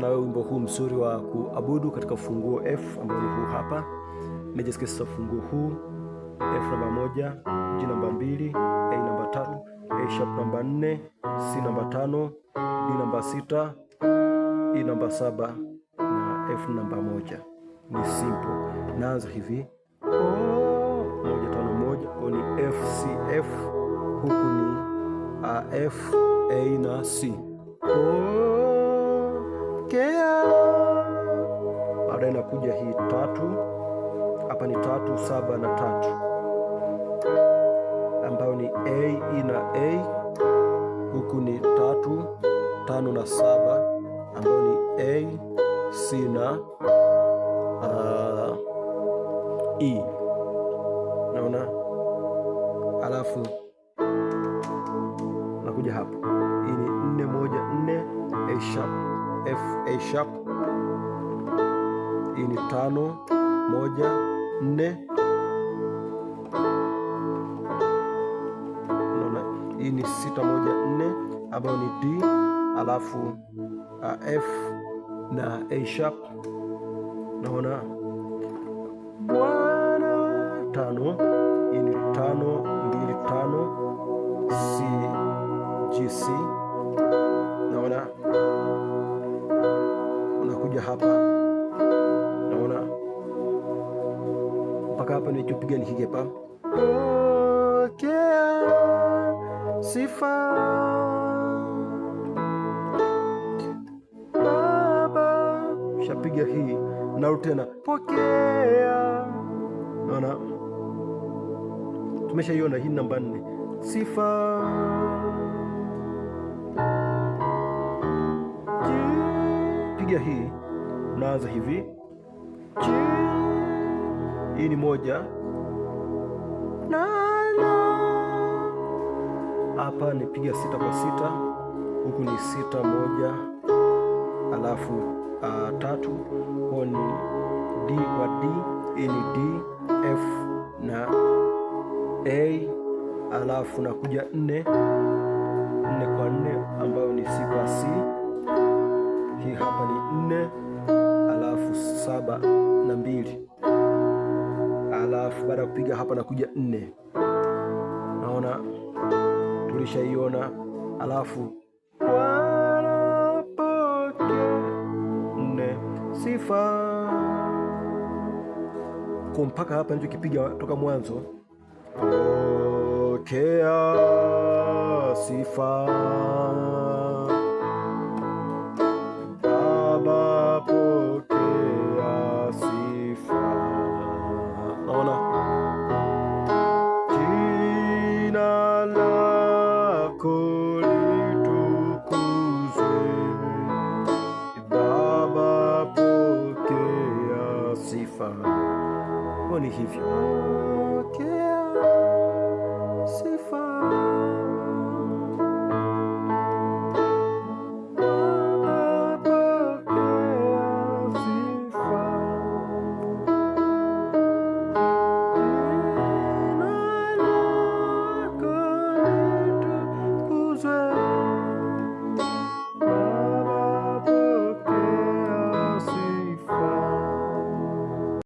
na wewe wimbo huu mzuri wa kuabudu katika ufunguo F ambao ni huu hapa. Major scale ufunguo huu F namba moja, G namba mbili, A namba tatu, A sharp namba nne, C namba tano, D namba sita, E namba saba na F namba moja ni simple. Naanza hivi moja tano moja, o ni F C F, huku ni A F A na C. Oh, kea hii tatu, hapa ni tatu saba na tatu, ambayo ni A E na A, huku ni tatu tano na saba, ambayo ni A C na E. Naona, alafu nakuja hapo, hii e ni nne moja nne A sharp F A sharp. Hii e ni tano moja nne. Naona hii e ni sita moja nne ambayo ni D, alafu a F na A sharp naona wow tano, hii ni tano mbili tano CGC. Naona unakuja hapa, naona mpaka hapa nichopiga ni kigepa. Pokea sifa Baba, shapiga hii, narudi tena pokea, naona tumeshaiona hii namba nne sifa piga hii, unaanza hivi. Hii ni moja hapa, ni piga sita kwa sita, huku ni sita moja, alafu uh, tatu, huo ni D kwa D, hii ni D F A alafu nakuja nne nne kwa nne ambayo ni C kwa C. Hii hapa ni nne alafu saba na mbili alafu baada ya kupiga hapa nakuja nne, naona tulishaiona. Alafu nne sifa kwa mpaka hapa nicho kipiga toka mwanzo pokea sifa Baba, pokea sifa. Naona jina lako litukuzwe, Baba, pokea sifa. Huo ni hivyo